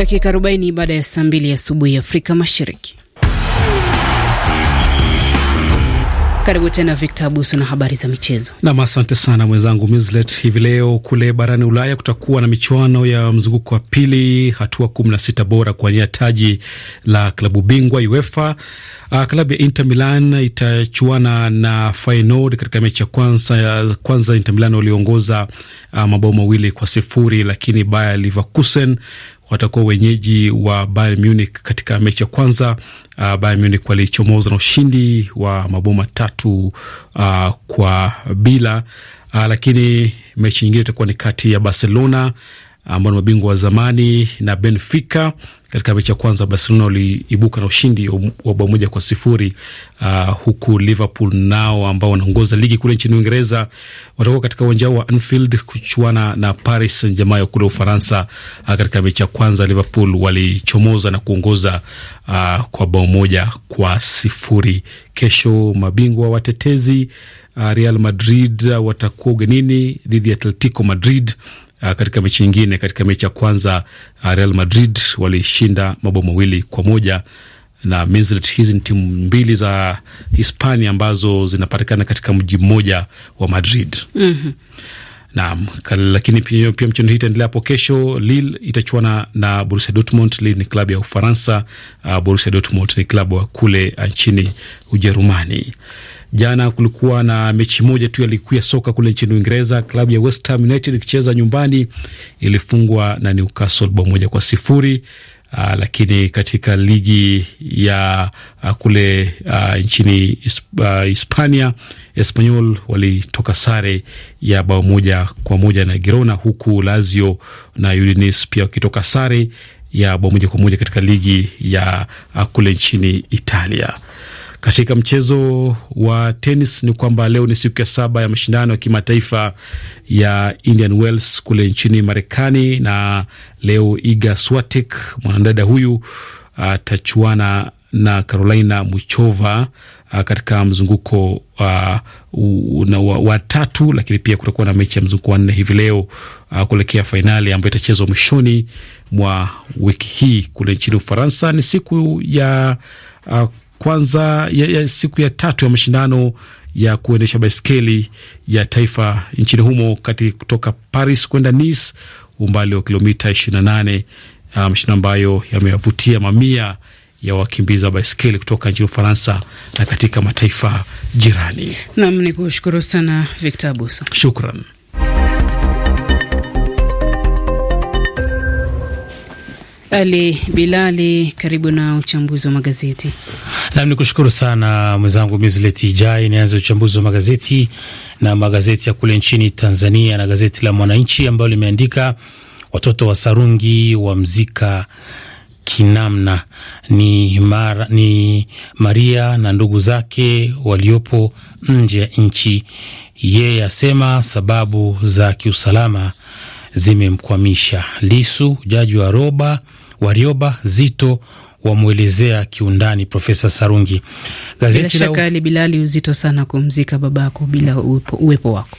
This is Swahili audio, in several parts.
Dakika 40 baada ya saa mbili asubuhi Afrika Mashariki. Karibu tena Victor Abuso na habari za michezo. Nam, asante sana mwenzangu Mislet. Hivi leo kule barani Ulaya kutakuwa na michuano ya mzunguko wa pili, hatua sita bora kuwania taji la klabu bingwa UEFA. Uh, klabu ya Inter Milan itachuana na Feyenoord katika mechi ya kwanza ya kwanza. Inter Milan waliongoza uh, ah, mabao mawili kwa sifuri, lakini Bayer Leverkusen watakuwa wenyeji wa Bayern Munich katika mechi ya kwanza. Uh, Bayern Munich walichomoza na ushindi wa mabao matatu uh, kwa bila uh, lakini mechi nyingine itakuwa ni kati ya Barcelona ambao uh, ni mabingwa wa zamani na Benfica katika mechi ya kwanza Barcelona waliibuka na ushindi wa bao moja kwa sifuri uh, huku Liverpool nao ambao wanaongoza ligi kule nchini Uingereza watakuwa katika uwanja wa Anfield kuchuana na Paris Saint Germain kule Ufaransa. Uh, katika mechi ya kwanza Liverpool walichomoza na kuongoza uh, kwa bao moja kwa sifuri. Kesho mabingwa watetezi uh, Real Madrid watakuwa ugenini dhidi ya Atletico Madrid Uh, katika mechi nyingine, katika mechi ya kwanza uh, Real Madrid walishinda mabao mawili kwa moja na Minslet. Hizi ni timu mbili za Hispania ambazo zinapatikana katika mji mmoja wa Madrid. mm -hmm. Naam, lakini pia, pia mchezo hii itaendelea hapo kesho. Lille itachuana na Borussia Dortmund. Lille ni klabu ya Ufaransa. Uh, Borussia Dortmund ni klabu ya kule nchini Ujerumani. Jana kulikuwa na mechi moja tu ya ligi ya soka kule nchini Uingereza. Klabu ya West Ham United ikicheza nyumbani ilifungwa na Newcastle bao moja kwa sifuri. Uh, lakini katika ligi ya uh, kule uh, nchini uh, Hispania Espanyol walitoka sare ya bao moja kwa moja na Girona, huku Lazio na Udinese pia wakitoka sare ya bao moja kwa moja katika ligi ya uh, kule nchini Italia. Katika mchezo wa tenis ni kwamba leo ni siku ya saba ya mashindano ya kimataifa ya Indian Wells kule nchini Marekani, na leo Iga Swiatek mwanadada huyu atachuana na Carolina Muchova katika mzunguko wa tatu, lakini pia kutakuwa na mechi ya mzunguko wa nne hivi leo kuelekea fainali ambayo itachezwa mwishoni mwa wiki hii kule nchini Ufaransa. Ni siku ya kwanza ya, ya siku ya tatu ya mashindano ya kuendesha baiskeli ya taifa nchini humo kati kutoka Paris kwenda Nice, umbali wa kilomita 28, uh, mashindano um, ambayo yamevutia mamia ya wakimbiza baiskeli kutoka nchini Ufaransa na katika mataifa jirani. Nam ni kushukuru sana Victor Abuso, shukran. Ali Bilali, karibu na uchambuzi wa magazeti. Nam ni kushukuru sana mwenzangu Mizleti Ijai. Nianze uchambuzi wa magazeti na magazeti ya kule nchini Tanzania na gazeti la Mwananchi ambayo limeandika watoto wa Sarungi wa mzika kinamna ni, mara, ni Maria na ndugu zake waliopo nje ya nchi. Yeye asema sababu za kiusalama zimemkwamisha. Lisu, jaji wa Roba Warioba, Zito wamwelezea kiundani Profesa Sarungi. Gazeti bila shaka la... Bilali, uzito sana kumzika babako bila uwepo wako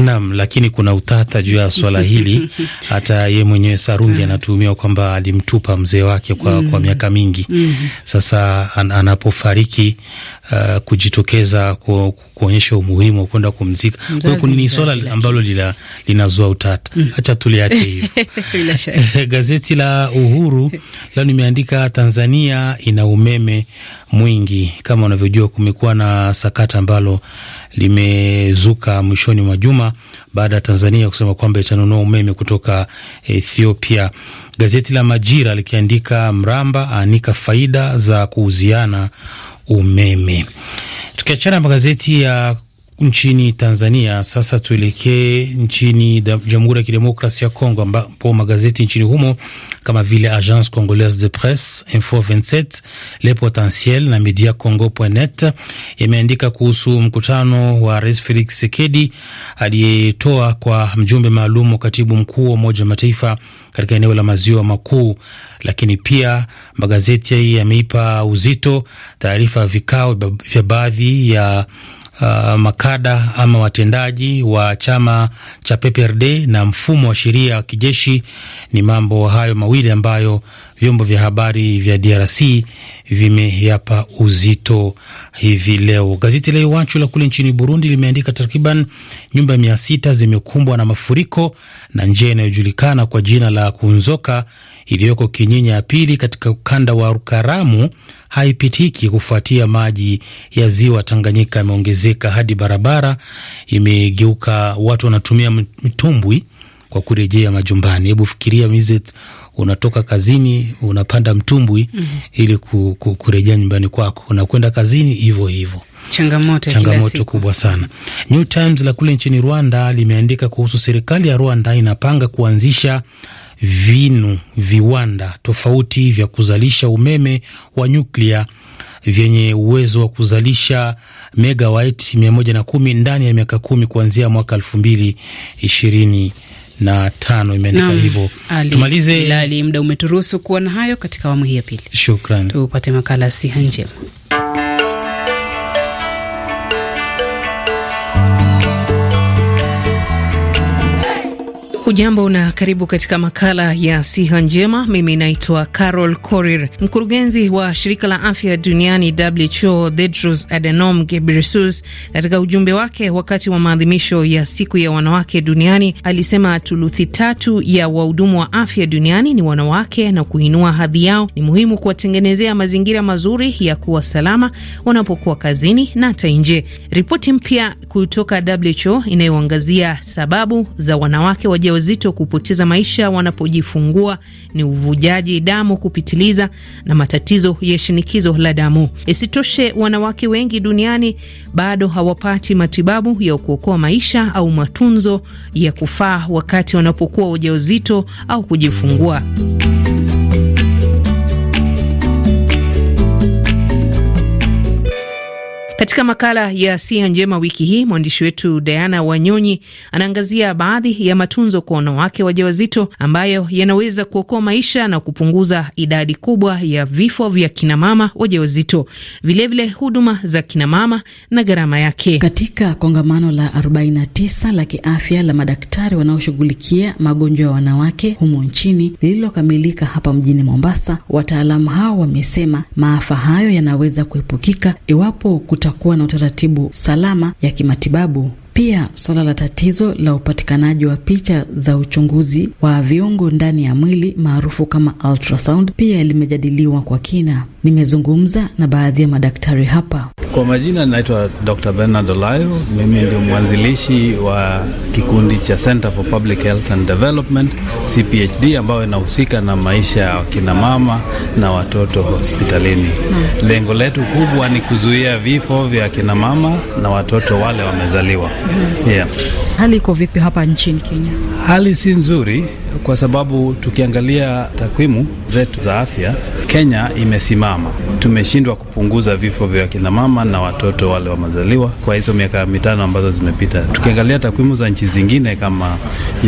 Naam, lakini kuna utata juu ya swala hili. Hata ye mwenyewe Sarungi anatuhumiwa kwamba alimtupa mzee wake kwa, mm. kwa miaka mingi mm. Sasa an, anapofariki uh, kujitokeza ku, kuonyesha umuhimu wa kwenda kumzika, ni swala ambalo linazua utata mm. Hacha tuliache hivyo gazeti la Uhuru leo nimeandika Tanzania ina umeme mwingi. Kama unavyojua kumekuwa na sakata ambalo limezuka mwishoni mwa juma baada ya Tanzania kusema kwamba itanunua umeme kutoka Ethiopia. Gazeti la Majira likiandika Mramba aanika faida za kuuziana umeme. Tukiachana magazeti ya nchini Tanzania. Sasa tuelekee nchini Jamhuri ya Kidemokrasia ya Kongo, ambapo magazeti nchini humo kama vile Agence Congolaise de Presse, Info 27, Le Potentiel na Media Congo net yameandika kuhusu mkutano wa Rais Felix Tshisekedi aliyetoa kwa mjumbe maalum wa katibu mkuu wa Umoja wa Mataifa katika eneo la maziwa makuu. Lakini pia magazeti yameipa uzito taarifa ya vikao vya baadhi ya uh, makada ama watendaji wa chama cha PPRD na mfumo wa sheria wa kijeshi. Ni mambo hayo mawili ambayo vyombo vya habari vya DRC vimeyapa uzito hivi leo. Gazeti la Iwachu la kule nchini Burundi limeandika takriban nyumba mia sita zimekumbwa na mafuriko na njia inayojulikana kwa jina la Kunzoka iliyoko Kinyinya ya pili katika ukanda wa Rukaramu haipitiki kufuatia maji ya ziwa Tanganyika yameongezeka hadi barabara imegeuka, watu wanatumia mtumbwi kwa kurejea majumbani. Hebu fikiria mizet, unatoka kazini unapanda mtumbwi mm -hmm. ili kurejea nyumbani kwako, unakwenda kazini hivyo hivyo changamoto, changamoto kubwa sana. New Times la kule nchini Rwanda limeandika kuhusu serikali ya Rwanda inapanga kuanzisha vinu viwanda tofauti vya kuzalisha umeme wa nyuklia vyenye uwezo wa kuzalisha megawati mia moja na kumi ndani ya miaka kumi kuanzia mwaka elfu mbili ishirini na tano. Imeandika hivyo. Tumalize Bilali, muda umeturuhusu kuwa na hayo katika awamu hii ya pili. Shukran, tupate makala siha njema. Hujambo na karibu katika makala ya siha njema. Mimi naitwa Carol Korir. Mkurugenzi wa shirika la afya duniani WHO, Tedros Adhanom Ghebreyesus, katika ujumbe wake wakati wa maadhimisho ya siku ya wanawake duniani alisema thuluthi tatu ya wahudumu wa afya duniani ni wanawake, na kuinua hadhi yao ni muhimu kuwatengenezea mazingira mazuri ya kuwa salama wanapokuwa kazini na hata nje. Ripoti mpya kutoka WHO inayoangazia sababu za wanawake waj wajawazito kupoteza maisha wanapojifungua ni uvujaji damu kupitiliza na matatizo ya shinikizo la damu. Isitoshe, wanawake wengi duniani bado hawapati matibabu ya kuokoa maisha au matunzo ya kufaa wakati wanapokuwa wajawazito au kujifungua. Katika makala ya Sia Njema wiki hii, mwandishi wetu Diana Wanyonyi anaangazia baadhi ya matunzo kwa wanawake wajawazito ambayo yanaweza kuokoa maisha na kupunguza idadi kubwa ya vifo vya kinamama wajawazito, vilevile huduma za kinamama na gharama yake. Katika kongamano la 49 la kiafya la madaktari wanaoshughulikia magonjwa ya wanawake humo nchini lililokamilika hapa mjini Mombasa, wataalamu hao wamesema maafa hayo yanaweza kuepukika iwapo kuta kutakuwa na utaratibu salama ya kimatibabu. Pia suala la tatizo la upatikanaji wa picha za uchunguzi wa viungo ndani ya mwili maarufu kama ultrasound pia limejadiliwa kwa kina. Nimezungumza na baadhi ya madaktari hapa. Kwa majina naitwa Dr. Bernard Olayo, mimi ndio mwanzilishi wa kikundi cha Center for Public Health and Development CPHD, ambayo inahusika na maisha ya kina mama na watoto hospitalini. Hmm. Lengo letu kubwa ni kuzuia vifo vya kina mama na watoto wale wamezaliwa. Hmm. Yeah. Hali iko vipi hapa nchini Kenya? Hali si nzuri kwa sababu tukiangalia takwimu zetu za afya Kenya imesimama, tumeshindwa kupunguza vifo vya kina mama na watoto wale wamezaliwa kwa hizo miaka mitano ambazo zimepita. Tukiangalia takwimu za nchi zingine kama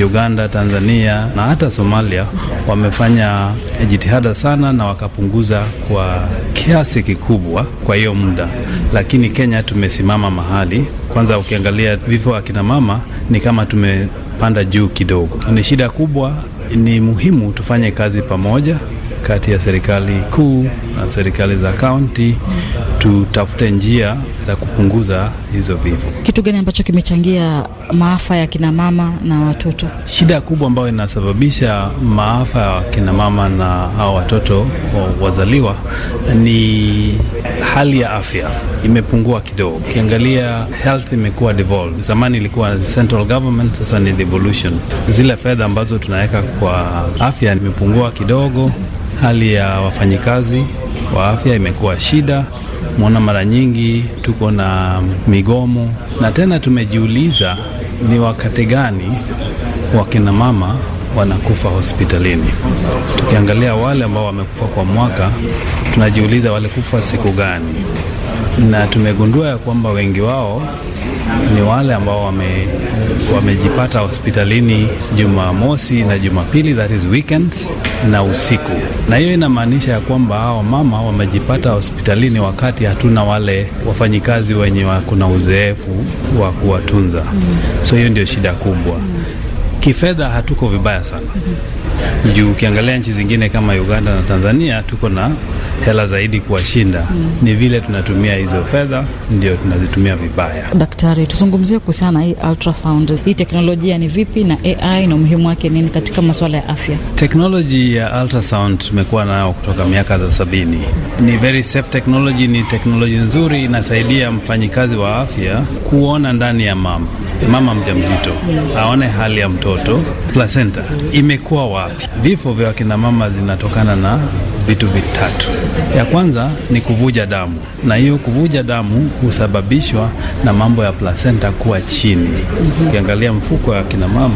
Uganda, Tanzania na hata Somalia, wamefanya jitihada sana na wakapunguza kwa kiasi kikubwa kwa hiyo muda, lakini Kenya tumesimama mahali. Kwanza ukiangalia vifo akina mama ni kama tumepanda juu kidogo, ni shida kubwa. Ni muhimu tufanye kazi pamoja kati ya serikali kuu na serikali za kaunti tutafute njia za kupunguza hizo vifo. Kitu gani ambacho kimechangia maafa ya kinamama na watoto? Shida kubwa ambayo inasababisha maafa ya kinamama na hao watoto wazaliwa ni hali ya afya imepungua kidogo. Ukiangalia health imekuwa devolved, zamani ilikuwa central government, sasa ni devolution. Zile fedha ambazo tunaweka kwa afya imepungua kidogo, hali ya wafanyikazi wa afya imekuwa shida. Mwana mara nyingi tuko na migomo, na tena tumejiuliza ni wakati gani wakina mama wanakufa hospitalini. Tukiangalia wale ambao wamekufa kwa mwaka, tunajiuliza walikufa siku gani, na tumegundua ya kwamba wengi wao ni wale ambao wame, wamejipata hospitalini Jumamosi na Jumapili, that is weekends na usiku, na hiyo inamaanisha ya kwamba hao mama wamejipata hospitalini wakati hatuna wale wafanyikazi wenye kuna uzoefu wa kuwatunza. So hiyo ndio shida kubwa. Kifedha hatuko vibaya sana juu ukiangalia nchi zingine kama Uganda na Tanzania tuko na hela zaidi kuwashinda mm. Ni vile tunatumia hizo fedha ndio tunazitumia vibaya. Daktari, tuzungumzie kuhusiana na hii ultrasound, hii teknolojia ni vipi na AI na umuhimu wake nini katika masuala ya afya? Teknoloji ya ultrasound tumekuwa nayo kutoka miaka za sabini. Ni very safe technology, ni teknoloji nzuri, inasaidia mfanyikazi wa afya kuona ndani ya mama mama mjamzito aone hali ya mtoto, placenta imekuwa wapi. Vifo vya mama zinatokana na vitu vitatu. Ya kwanza ni kuvuja damu, na hiyo kuvuja damu husababishwa na mambo ya placenta kuwa chini. Ukiangalia mfuko wa kinamama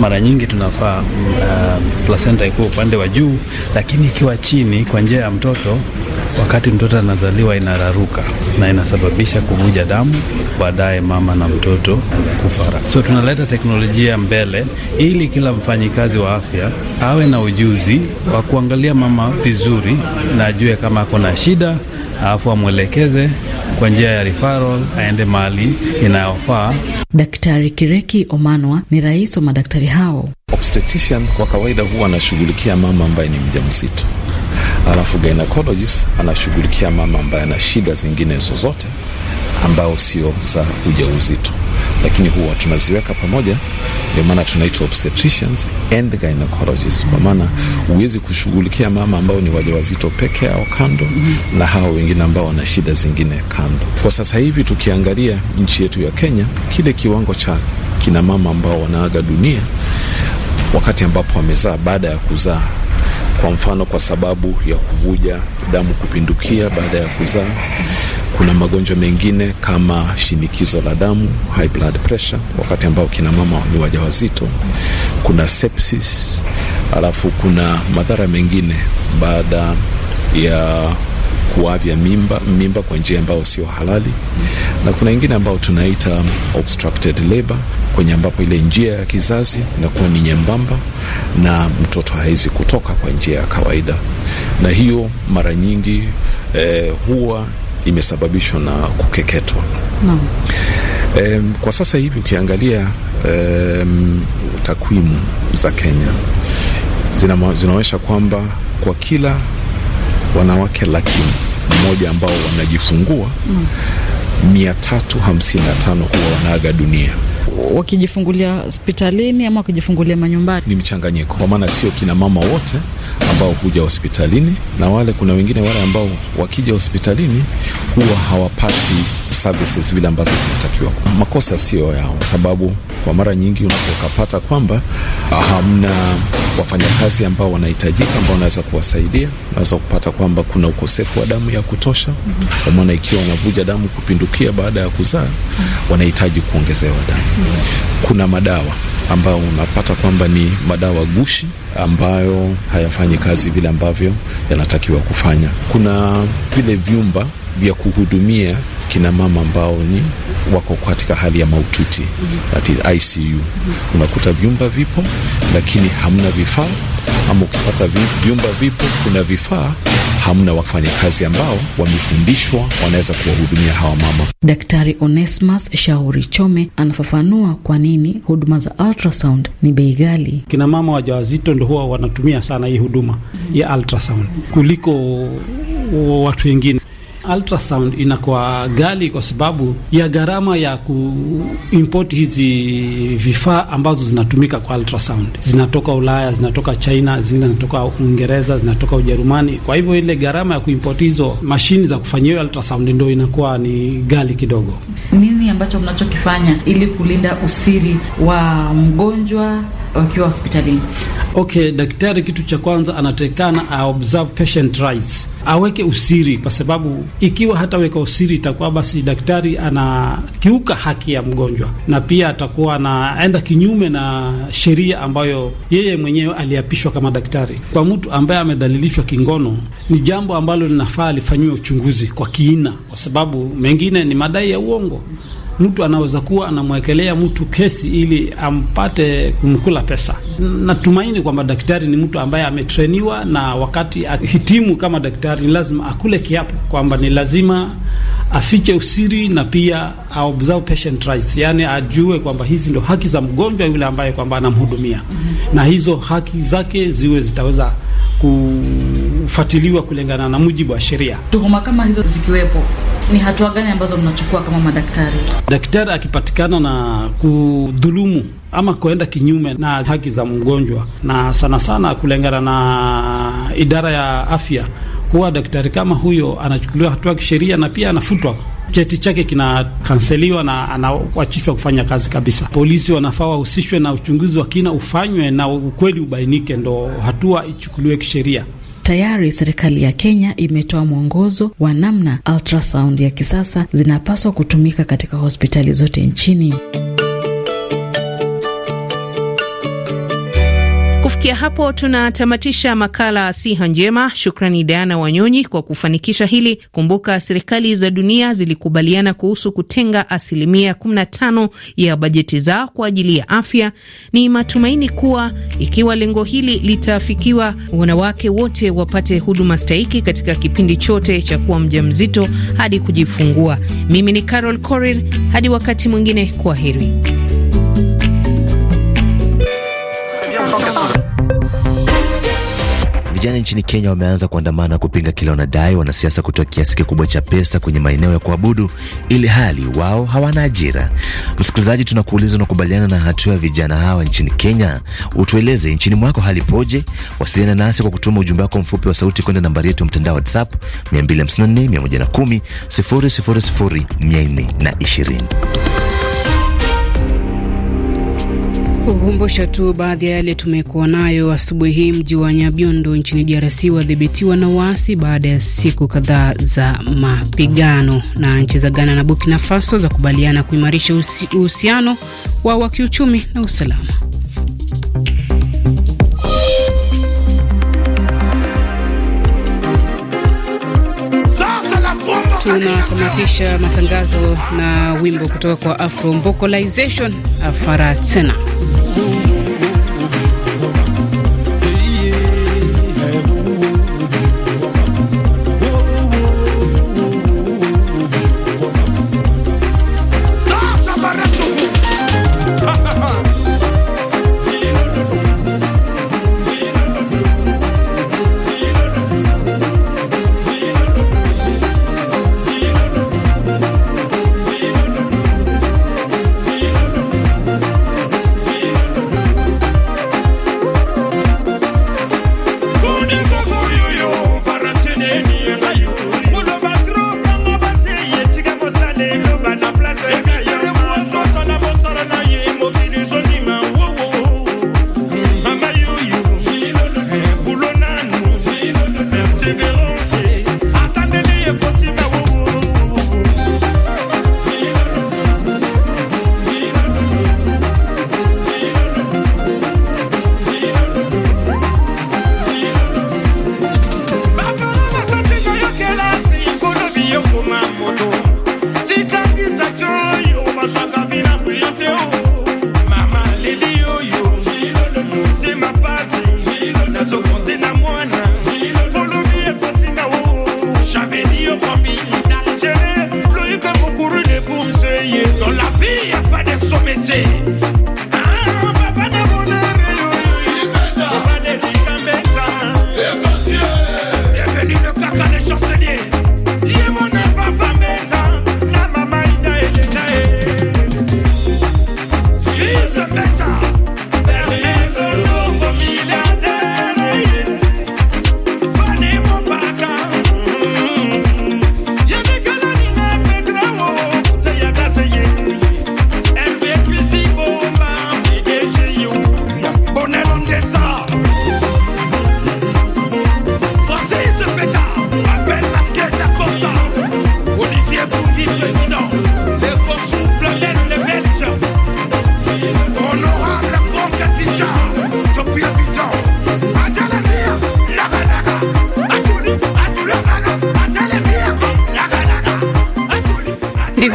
mara nyingi tunafaa uh, placenta ikuwa upande wa juu, lakini ikiwa chini kwa njia ya mtoto, wakati mtoto anazaliwa inararuka na inasababisha kuvuja damu, baadaye mama na mtoto kufara. So tunaleta teknolojia mbele ili kila mfanyikazi wa afya awe na ujuzi wa kuangalia mama vizuri na ajue kama ako na shida, alafu amwelekeze kwa njia ya referral aende mahali inayofaa. Daktari Kireki Omanwa ni rais wa madaktari hao. Obstetrician kwa kawaida huwa anashughulikia mama ambaye ni mjamzito, alafu gynecologist anashughulikia mama ambaye ana shida zingine zozote ambao sio za ujauzito lakini huwa tunaziweka pamoja, ndio maana tunaitwa obstetricians and gynecologists, kwa maana huwezi kushughulikia mama ambao ni wajawazito peke yao kando mm -hmm. na hao wengine ambao wana shida zingine kando. Kwa sasa hivi tukiangalia nchi yetu ya Kenya, kile kiwango cha kina mama ambao wanaaga dunia wakati ambapo wamezaa baada ya kuzaa kwa mfano, kwa sababu ya kuvuja damu kupindukia baada ya kuzaa kuna magonjwa mengine kama shinikizo la damu, high blood pressure, wakati ambao kina mama ni wajawazito. Kuna sepsis, alafu kuna madhara mengine baada ya kuavya mimba mimba kwa njia ambayo sio halali, na kuna ingine ambayo tunaita obstructed labor, kwenye ambapo ile njia ya kizazi inakuwa ni nyembamba na mtoto hawezi kutoka kwa njia ya kawaida, na hiyo mara nyingi eh, huwa imesababishwa na kukeketwa no. Um, kwa sasa hivi ukiangalia um, takwimu za Kenya zinaonyesha kwamba kwa kila wanawake laki mmoja ambao wanajifungua mm. 355 huwa wanaaga dunia wakijifungulia hospitalini ama wakijifungulia manyumbani. Ni mchanganyiko, kwa maana sio kina mama wote ambao huja hospitalini na wale, kuna wengine wale ambao wakija hospitalini huwa hawapati services vile ambazo zinatakiwa. Makosa siyo yao, sababu kwa mara nyingi unaweza ukapata kwamba ah, hamna wafanyakazi ambao wanahitajika ambao wanaweza kuwasaidia. Unaweza kupata kwamba kuna ukosefu wa damu ya kutosha, kwa maana ikiwa wanavuja damu kupindukia baada ya kuzaa, wanahitaji kuongezewa damu. Kuna madawa ambayo unapata kwamba ni madawa gushi ambayo hayafanyi kazi vile ambavyo yanatakiwa kufanya. Kuna vile vyumba vya kuhudumia kina mama ambao ni wako katika hali ya maututi that is ICU. Unakuta vyumba vipo, lakini hamna vifaa, ama ukipata vyumba vipo, kuna vifaa hamna wafanyakazi ambao wamefundishwa wanaweza kuwahudumia hawa mama. Daktari Onesmas Shauri Chome anafafanua kwa nini huduma za ultrasound ni bei ghali. Kina mama wajawazito ndo huwa wanatumia sana hii huduma mm -hmm. ya ultrasound kuliko watu wengine ultrasound inakuwa ghali kwa sababu ya gharama ya kuimport hizi vifaa ambazo zinatumika kwa ultrasound. Zinatoka Ulaya, zinatoka China, zingine zinatoka Uingereza, zinatoka Ujerumani. Kwa hivyo ile gharama ya kuimport hizo mashini za kufanyia ultrasound ndio inakuwa ni ghali kidogo. Nini ambacho mnachokifanya ili kulinda usiri wa mgonjwa wakiwa hospitalini? Okay, daktari kitu cha kwanza anatekana a observe patient rights, aweke usiri, kwa sababu ikiwa hataweka usiri itakuwa basi daktari anakiuka haki ya mgonjwa, na pia atakuwa anaenda kinyume na sheria ambayo yeye mwenyewe aliapishwa kama daktari. Kwa mtu ambaye amedhalilishwa kingono, ni jambo ambalo linafaa alifanyiwe uchunguzi kwa kiina, kwa sababu mengine ni madai ya uongo mtu anaweza kuwa anamwekelea mtu kesi ili ampate kumkula pesa. Natumaini kwamba daktari ni mtu ambaye ametreniwa, na wakati ahitimu kama daktari, ni lazima akule kiapo kwamba ni lazima afiche usiri na pia observe patient rights, yani ajue kwamba hizi ndo haki za mgonjwa yule ambaye kwamba anamhudumia mm -hmm. na hizo haki zake ziwe zitaweza kufuatiliwa kulingana na mujibu wa sheria, tuhuma kama hizo zikiwepo ni hatua gani ambazo mnachukua kama madaktari? Daktari akipatikana na kudhulumu ama kuenda kinyume na haki za mgonjwa, na sana sana kulingana na idara ya afya, huwa daktari kama huyo anachukuliwa hatua kisheria na pia anafutwa cheti chake kinakanseliwa na anawachishwa kufanya kazi kabisa. Polisi wanafaa wahusishwe na uchunguzi wa kina ufanywe na ukweli ubainike, ndo hatua ichukuliwe kisheria. Tayari serikali ya Kenya imetoa mwongozo wa namna ultrasound ya kisasa zinapaswa kutumika katika hospitali zote nchini. Kufikia hapo tunatamatisha makala siha njema. Shukrani Diana Wanyonyi kwa kufanikisha hili. Kumbuka serikali za dunia zilikubaliana kuhusu kutenga asilimia 15 ya bajeti zao kwa ajili ya afya. Ni matumaini kuwa ikiwa lengo hili litafikiwa, wanawake wote wapate huduma stahiki katika kipindi chote cha kuwa mjamzito hadi kujifungua. Mimi ni Carol Korir, hadi wakati mwingine, kwa heri. Vijana nchini Kenya wameanza kuandamana kupinga kile wanadai wanasiasa kutoa kiasi kikubwa cha pesa kwenye maeneo ya kuabudu, ili hali wao hawana ajira. Msikilizaji, tunakuuliza, unakubaliana na hatua ya vijana hawa nchini Kenya? Utueleze nchini mwako hali poje? Wasiliana nasi kwa kutuma ujumbe wako mfupi wa sauti kwenda nambari yetu ya mtandao WhatsApp 254 110 000 420. Kukumbusha tu baadhi ya yale tumekuwa nayo asubuhi hii. Mji wa Nyabiondo nchini DRC wadhibitiwa na waasi baada ya siku kadhaa za mapigano, na nchi za Ghana na Burkina Faso za kubaliana kuimarisha uhusiano wao wa kiuchumi na usalama. Tunatamatisha matangazo na wimbo kutoka kwa Afro Mbokolization Afara tena.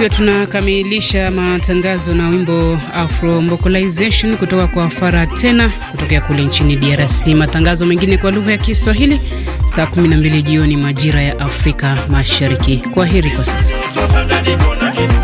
ndivyo tunakamilisha matangazo na wimbo Afro Mbokolization kutoka kwa Fara tena kutokea kule nchini DRC. Matangazo mengine kwa lugha ya Kiswahili saa 12 jioni majira ya Afrika Mashariki. Kwa heri kwa sasa.